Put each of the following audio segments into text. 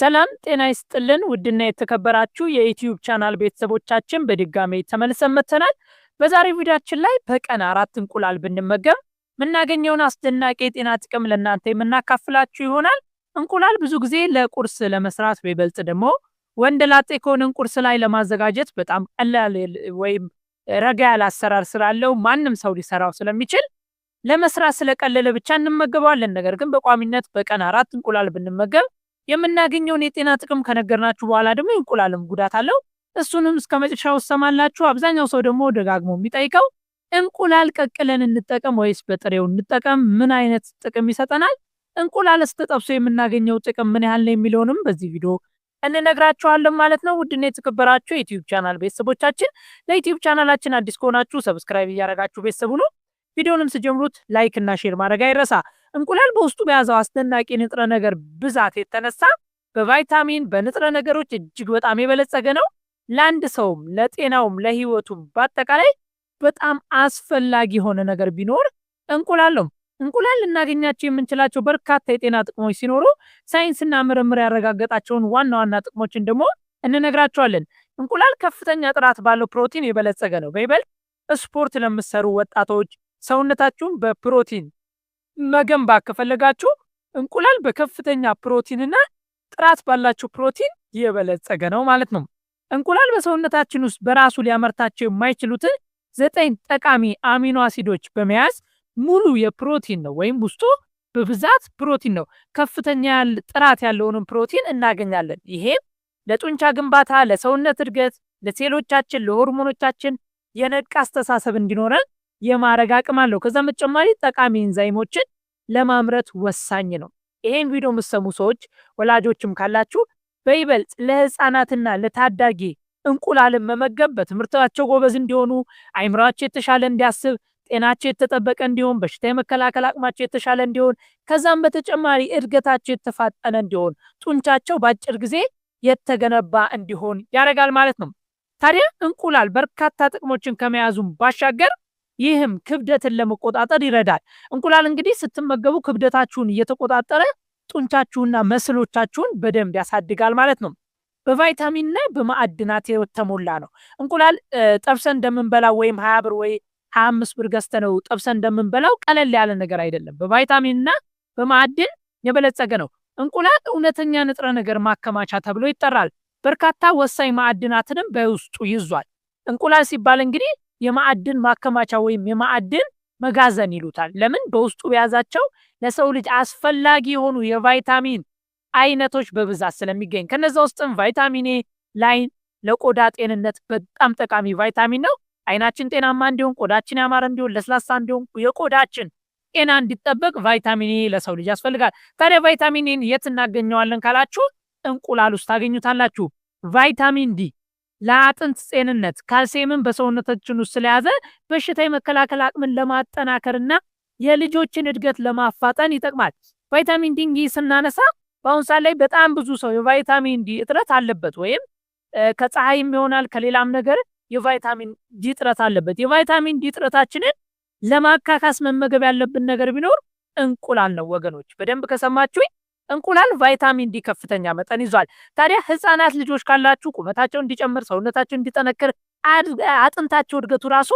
ሰላም ጤና ይስጥልን። ውድና የተከበራችሁ የዩትዩብ ቻናል ቤተሰቦቻችን በድጋሜ ተመልሰን መጥተናል። በዛሬ ቪዲያችን ላይ በቀን አራት እንቁላል ብንመገብ የምናገኘውን አስደናቂ የጤና ጥቅም ለእናንተ የምናካፍላችሁ ይሆናል። እንቁላል ብዙ ጊዜ ለቁርስ ለመስራት በይበልጥ ደግሞ ወንድ ላጤ ከሆንን ቁርስ ላይ ለማዘጋጀት በጣም ቀላል ወይም ረጋ ያለ አሰራር ስላለው ማንም ሰው ሊሰራው ስለሚችል ለመስራት ስለቀለለ ብቻ እንመገበዋለን። ነገር ግን በቋሚነት በቀን አራት እንቁላል ብንመገብ የምናገኘውን የጤና ጥቅም ከነገርናችሁ በኋላ ደግሞ የእንቁላልም ጉዳት አለው። እሱንም እስከ መጨረሻው ሰማላችሁ። አብዛኛው ሰው ደግሞ ደጋግሞ የሚጠይቀው እንቁላል ቀቅለን እንጠቀም ወይስ በጥሬው እንጠቀም? ምን አይነት ጥቅም ይሰጠናል? እንቁላል ስተጠብሶ የምናገኘው ጥቅም ምን ያህል ነው የሚለውንም በዚህ ቪዲዮ እንነግራችኋለን ማለት ነው። ውድና የተከበራችሁ የዩትዩብ ቻናል ቤተሰቦቻችን ለዩትዩብ ቻናላችን አዲስ ከሆናችሁ ሰብስክራይብ እያደረጋችሁ ቤተሰቡ ነው ቪዲዮንም ስጀምሩት ላይክ እና ሼር ማድረግ አይረሳ። እንቁላል በውስጡ በያዘው አስደናቂ ንጥረ ነገር ብዛት የተነሳ በቫይታሚን በንጥረ ነገሮች እጅግ በጣም የበለጸገ ነው። ለአንድ ሰውም ለጤናውም ለህይወቱም በአጠቃላይ በጣም አስፈላጊ የሆነ ነገር ቢኖር እንቁላል ነው። እንቁላል ልናገኛቸው የምንችላቸው በርካታ የጤና ጥቅሞች ሲኖሩ ሳይንስና ምርምር ያረጋገጣቸውን ዋና ዋና ጥቅሞችን ደግሞ እንነግራቸዋለን። እንቁላል ከፍተኛ ጥራት ባለው ፕሮቲን የበለጸገ ነው። በይበልጥ ስፖርት ለምሰሩ ወጣቶች ሰውነታችሁን በፕሮቲን መገንባት ከፈለጋችሁ እንቁላል በከፍተኛ ፕሮቲንና ጥራት ባላቸው ፕሮቲን የበለጸገ ነው ማለት ነው። እንቁላል በሰውነታችን ውስጥ በራሱ ሊያመርታቸው የማይችሉትን ዘጠኝ ጠቃሚ አሚኖ አሲዶች በመያዝ ሙሉ የፕሮቲን ነው ወይም ውስጡ በብዛት ፕሮቲን ነው። ከፍተኛ ጥራት ያለውንም ፕሮቲን እናገኛለን። ይሄም ለጡንቻ ግንባታ፣ ለሰውነት እድገት፣ ለሴሎቻችን፣ ለሆርሞኖቻችን የነቃ አስተሳሰብ እንዲኖረን የማረግ አቅም አለው። ከዛም በተጨማሪ ጠቃሚ ኢንዛይሞችን ለማምረት ወሳኝ ነው። ይሄን ቪዲዮ የምትሰሙ ሰዎች ወላጆችም ካላችሁ በይበልጥ ለህፃናትና ለታዳጊ እንቁላልን መመገብ በትምህርታቸው ጎበዝ እንዲሆኑ፣ አይምራቸው የተሻለ እንዲያስብ፣ ጤናቸው የተጠበቀ እንዲሆን፣ በሽታ የመከላከል አቅማቸው የተሻለ እንዲሆን፣ ከዛም በተጨማሪ እድገታቸው የተፋጠነ እንዲሆን፣ ጡንቻቸው በአጭር ጊዜ የተገነባ እንዲሆን ያደርጋል ማለት ነው። ታዲያ እንቁላል በርካታ ጥቅሞችን ከመያዙም ባሻገር ይህም ክብደትን ለመቆጣጠር ይረዳል። እንቁላል እንግዲህ ስትመገቡ ክብደታችሁን እየተቆጣጠረ ጡንቻችሁና መስሎቻችሁን በደንብ ያሳድጋል ማለት ነው። በቫይታሚንና በማዕድናት የተሞላ ነው። እንቁላል ጠብሰን እንደምንበላው ወይም ሀያ ብር ወይ ሀያ አምስት ብር ገዝተ ነው ጠብሰን እንደምንበላው ቀለል ያለ ነገር አይደለም። በቫይታሚንና በማዕድን የበለጸገ ነው። እንቁላል እውነተኛ ንጥረ ነገር ማከማቻ ተብሎ ይጠራል። በርካታ ወሳኝ ማዕድናትንም በውስጡ ይዟል። እንቁላል ሲባል እንግዲህ የማዕድን ማከማቻ ወይም የማዕድን መጋዘን ይሉታል። ለምን በውስጡ በያዛቸው ለሰው ልጅ አስፈላጊ የሆኑ የቫይታሚን አይነቶች በብዛት ስለሚገኝ ከነዚ ውስጥም ቫይታሚን ኤ ላይን ለቆዳ ጤንነት በጣም ጠቃሚ ቫይታሚን ነው። አይናችን ጤናማ እንዲሆን፣ ቆዳችን ያማረ እንዲሆን፣ ለስላሳ እንዲሆን፣ የቆዳችን ጤና እንዲጠበቅ ቫይታሚን ኤ ለሰው ልጅ ያስፈልጋል። ታዲያ ቫይታሚን ኤን የት እናገኘዋለን ካላችሁ እንቁላል ውስጥ ታገኙታላችሁ። ቫይታሚን ዲ ለአጥንት ጤንነት ካልሲየምን በሰውነታችን ውስጥ ስለያዘ በሽታ የመከላከል አቅምን ለማጠናከርና የልጆችን እድገት ለማፋጠን ይጠቅማል። ቫይታሚን ዲንጊ ስናነሳ በአሁን ሰዓት ላይ በጣም ብዙ ሰው የቫይታሚን ዲ እጥረት አለበት፣ ወይም ከፀሐይም ይሆናል ከሌላም ነገር የቫይታሚን ዲ እጥረት አለበት። የቫይታሚን ዲ እጥረታችንን ለማካካስ መመገብ ያለብን ነገር ቢኖር እንቁላል ነው። ወገኖች በደንብ ከሰማችሁኝ እንቁላል ቫይታሚን ዲ ከፍተኛ መጠን ይዟል። ታዲያ ህፃናት ልጆች ካላችሁ ቁመታቸው እንዲጨምር፣ ሰውነታቸው እንዲጠነክር፣ አጥንታቸው እድገቱ ራሱ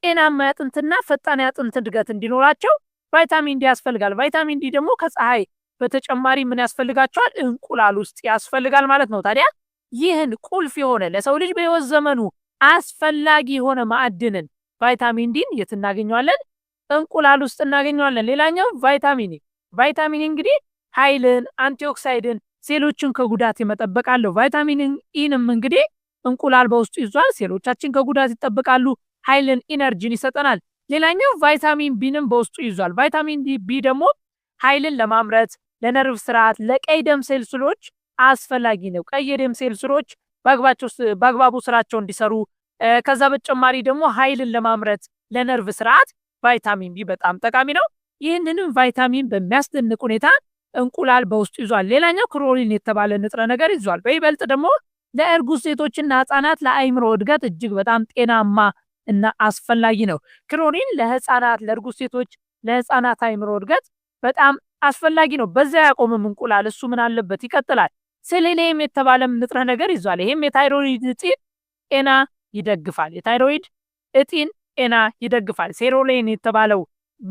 ጤናማ አጥንትና ፈጣን አጥንት እድገት እንዲኖራቸው ቫይታሚን ዲ ያስፈልጋል። ቫይታሚን ዲ ደግሞ ከፀሐይ በተጨማሪ ምን ያስፈልጋቸዋል? እንቁላል ውስጥ ያስፈልጋል ማለት ነው። ታዲያ ይህን ቁልፍ የሆነ ለሰው ልጅ በህይወት ዘመኑ አስፈላጊ የሆነ ማዕድንን ቫይታሚን ዲን የት እናገኘዋለን? እንቁላል ውስጥ እናገኘዋለን። ሌላኛው ቫይታሚን ቫይታሚን እንግዲህ ኃይልን፣ አንቲኦክሳይድን፣ ሴሎችን ከጉዳት የመጠበቅ አለው። ቫይታሚን ኢንም እንግዲህ እንቁላል በውስጡ ይዟል። ሴሎቻችን ከጉዳት ይጠብቃሉ። ኃይልን፣ ኢነርጂን ይሰጠናል። ሌላኛው ቫይታሚን ቢንም በውስጡ ይዟል። ቫይታሚን ቢ ደግሞ ኃይልን ለማምረት ለነርቭ ስርዓት፣ ለቀይ ደም ሴል ስሎች አስፈላጊ ነው። ቀይ ደም ሴል ስሎች በአግባቡ ስራቸው እንዲሰሩ ከዛ በተጨማሪ ደግሞ ኃይልን ለማምረት ለነርቭ ስርዓት ቫይታሚን ቢ በጣም ጠቃሚ ነው። ይህንንም ቫይታሚን በሚያስደንቅ ሁኔታ እንቁላል በውስጡ ይዟል። ሌላኛው ክሮሊን የተባለ ንጥረ ነገር ይዟል። በይበልጥ ደግሞ ለእርጉዝ ሴቶችና ህጻናት ለአይምሮ እድገት እጅግ በጣም ጤናማ እና አስፈላጊ ነው። ክሮሊን ለህጻናት፣ ለእርጉዝ ሴቶች፣ ለህጻናት አይምሮ እድገት በጣም አስፈላጊ ነው። በዛ ያቆምም እንቁላል እሱ ምን አለበት ይቀጥላል። ሴሌኒየም የተባለም ንጥረ ነገር ይዟል። ይህም የታይሮይድ እጢን ጤና ይደግፋል። የታይሮይድ እጢን ጤና ይደግፋል። ሴሮሌን የተባለው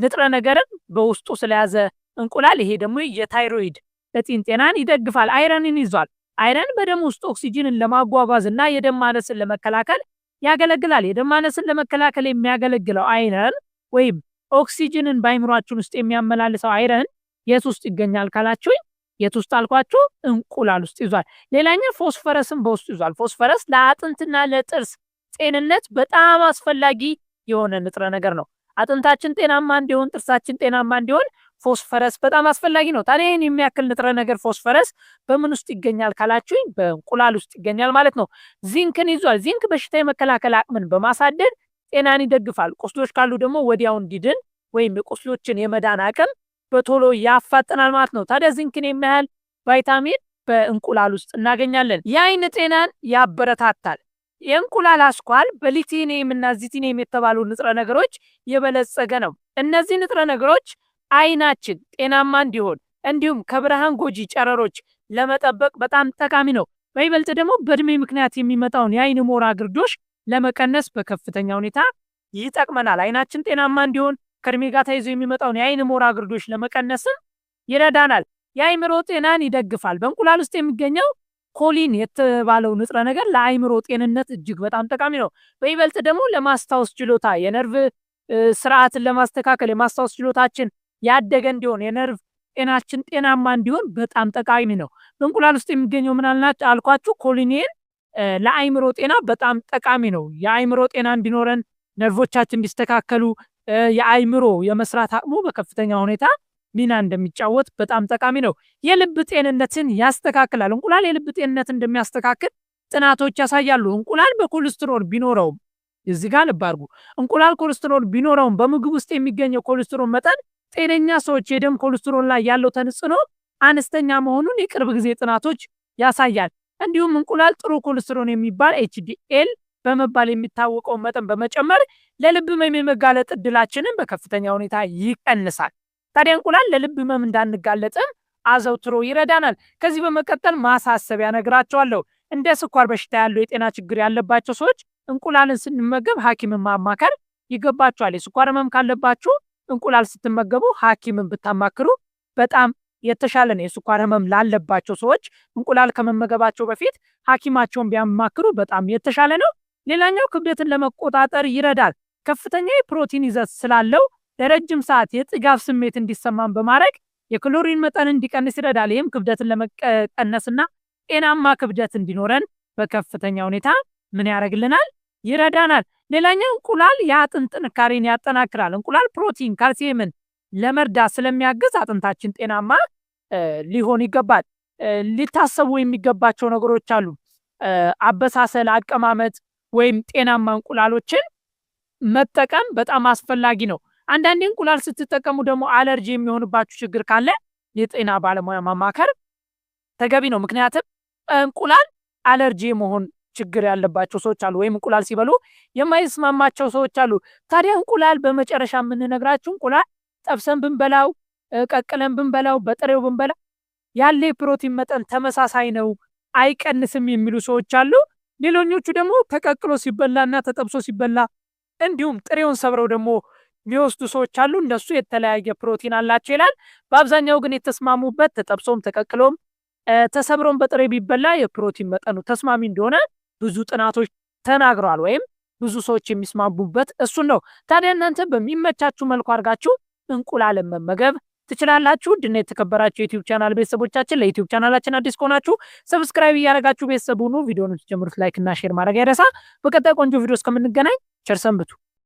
ንጥረ ነገርን በውስጡ ስለያዘ እንቁላል ይሄ ደግሞ የታይሮይድ የጢን ጤናን ይደግፋል። አይረንን ይዟል። አይረን በደም ውስጥ ኦክሲጅንን ለማጓጓዝ እና የደም ማነስን ለመከላከል ያገለግላል። የደም ማነስን ለመከላከል የሚያገለግለው አይረን ወይም ኦክሲጅንን በአይምሯችን ውስጥ የሚያመላልሰው አይረን የት ውስጥ ይገኛል ካላችሁኝ፣ የት ውስጥ አልኳችሁ? እንቁላል ውስጥ ይዟል። ሌላኛ ፎስፈረስን በውስጡ ይዟል። ፎስፈረስ ለአጥንትና ለጥርስ ጤንነት በጣም አስፈላጊ የሆነ ንጥረ ነገር ነው። አጥንታችን ጤናማ እንዲሆን፣ ጥርሳችን ጤናማ እንዲሆን ፎስፈረስ በጣም አስፈላጊ ነው። ታዲያ ይህን የሚያክል ንጥረ ነገር ፎስፈረስ በምን ውስጥ ይገኛል ካላችሁኝ፣ በእንቁላል ውስጥ ይገኛል ማለት ነው። ዚንክን ይዟል። ዚንክ በሽታ የመከላከል አቅምን በማሳደግ ጤናን ይደግፋል። ቁስሎች ካሉ ደግሞ ወዲያው እንዲድን ወይም የቁስሎችን የመዳን አቅም በቶሎ ያፋጥናል ማለት ነው። ታዲያ ዚንክን የሚያህል ቫይታሚን በእንቁላል ውስጥ እናገኛለን። የአይን ጤናን ያበረታታል። የእንቁላል አስኳል በሊቲኒየም እና ዚቲኒየም የተባሉ ንጥረ ነገሮች የበለጸገ ነው። እነዚህ ንጥረ ነገሮች አይናችን ጤናማ እንዲሆን እንዲሁም ከብርሃን ጎጂ ጨረሮች ለመጠበቅ በጣም ጠቃሚ ነው። በይበልጥ ደግሞ በእድሜ ምክንያት የሚመጣውን የአይን ሞራ ግርዶሽ ለመቀነስ በከፍተኛ ሁኔታ ይጠቅመናል። አይናችን ጤናማ እንዲሆን ከእድሜ ጋር ተይዞ የሚመጣውን የአይን ሞራ ግርዶሽ ለመቀነስም ይረዳናል። የአይምሮ ጤናን ይደግፋል። በእንቁላል ውስጥ የሚገኘው ኮሊን የተባለው ንጥረ ነገር ለአይምሮ ጤንነት እጅግ በጣም ጠቃሚ ነው። በይበልጥ ደግሞ ለማስታወስ ችሎታ፣ የነርቭ ስርዓትን ለማስተካከል የማስታወስ ችሎታችን ያደገ እንዲሆን የነርቭ ጤናችን ጤናማ እንዲሆን በጣም ጠቃሚ ነው። በእንቁላል ውስጥ የሚገኘው ምናልናች አልኳችሁ ኮሊኔን ለአይምሮ ጤና በጣም ጠቃሚ ነው። የአይምሮ ጤና እንዲኖረን ነርቮቻችን እንዲስተካከሉ የአይምሮ የመስራት አቅሙ በከፍተኛ ሁኔታ ሚና እንደሚጫወት በጣም ጠቃሚ ነው። የልብ ጤንነትን ያስተካክላል። እንቁላል የልብ ጤንነት እንደሚያስተካክል ጥናቶች ያሳያሉ። እንቁላል በኮሌስትሮል ቢኖረውም እዚህ ጋር ልብ አድርጉ። እንቁላል ኮሌስትሮል ቢኖረውም በምግብ ውስጥ የሚገኘው ኮሌስትሮል መጠን ጤነኛ ሰዎች የደም ኮሌስትሮል ላይ ያለው ተጽዕኖ አነስተኛ መሆኑን የቅርብ ጊዜ ጥናቶች ያሳያል። እንዲሁም እንቁላል ጥሩ ኮሌስትሮል የሚባል ኤችዲኤል በመባል የሚታወቀውን መጠን በመጨመር ለልብ ህመም የመጋለጥ እድላችንን በከፍተኛ ሁኔታ ይቀንሳል። ታዲያ እንቁላል ለልብ ህመም እንዳንጋለጥም አዘውትሮ ይረዳናል። ከዚህ በመቀጠል ማሳሰቢያ ነግራቸዋለሁ። እንደ ስኳር በሽታ ያለው የጤና ችግር ያለባቸው ሰዎች እንቁላልን ስንመገብ ሐኪምን ማማከር ይገባቸዋል። የስኳር ህመም ካለባችሁ እንቁላል ስትመገቡ ሐኪምን ብታማክሩ በጣም የተሻለ ነው። የስኳር ህመም ላለባቸው ሰዎች እንቁላል ከመመገባቸው በፊት ሐኪማቸውን ቢያማክሩ በጣም የተሻለ ነው። ሌላኛው ክብደትን ለመቆጣጠር ይረዳል። ከፍተኛ የፕሮቲን ይዘት ስላለው ለረጅም ሰዓት የጥጋብ ስሜት እንዲሰማን በማድረግ የክሎሪን መጠን እንዲቀንስ ይረዳል። ይህም ክብደትን ለመቀነስና ጤናማ ክብደት እንዲኖረን በከፍተኛ ሁኔታ ምን ያደርግልናል? ይረዳናል። ሌላኛው እንቁላል የአጥንት ጥንካሬን ያጠናክራል። እንቁላል ፕሮቲን፣ ካልሲየምን ለመርዳት ስለሚያግዝ አጥንታችን ጤናማ ሊሆን ይገባል። ሊታሰቡ የሚገባቸው ነገሮች አሉ። አበሳሰል፣ አቀማመጥ ወይም ጤናማ እንቁላሎችን መጠቀም በጣም አስፈላጊ ነው። አንዳንዴ እንቁላል ስትጠቀሙ ደግሞ አለርጂ የሚሆንባችሁ ችግር ካለ የጤና ባለሙያ ማማከር ተገቢ ነው። ምክንያቱም እንቁላል አለርጂ መሆን ችግር ያለባቸው ሰዎች አሉ፣ ወይም እንቁላል ሲበሉ የማይስማማቸው ሰዎች አሉ። ታዲያ እንቁላል በመጨረሻ የምንነግራችሁ እንቁላል ጠብሰን ብንበላው፣ ቀቅለን ብንበላው፣ በጥሬው ብንበላ ያለ የፕሮቲን መጠን ተመሳሳይ ነው፣ አይቀንስም የሚሉ ሰዎች አሉ። ሌሎኞቹ ደግሞ ተቀቅሎ ሲበላና ተጠብሶ ሲበላ እንዲሁም ጥሬውን ሰብረው ደግሞ የሚወስዱ ሰዎች አሉ። እነሱ የተለያየ ፕሮቲን አላቸው ይላል። በአብዛኛው ግን የተስማሙበት ተጠብሶም ተቀቅሎም ተሰብሮም በጥሬ ቢበላ የፕሮቲን መጠኑ ተስማሚ እንደሆነ ብዙ ጥናቶች ተናግረዋል፣ ወይም ብዙ ሰዎች የሚስማቡበት እሱን ነው። ታዲያ እናንተ በሚመቻችሁ መልኩ አድርጋችሁ እንቁላልን መመገብ ትችላላችሁ። ድና የተከበራችሁ የዩቲዩብ ቻናል ቤተሰቦቻችን፣ ለዩቲዩብ ቻናላችን አዲስ ከሆናችሁ ሰብስክራይብ እያደረጋችሁ ቤተሰቡ ሁኑ። ቪዲዮን ጀምሩት፣ ላይክ እና ሼር ማድረግ አይረሳ። በቀጣይ ቆንጆ ቪዲዮ እስከምንገናኝ ቸር ሰንብቱ።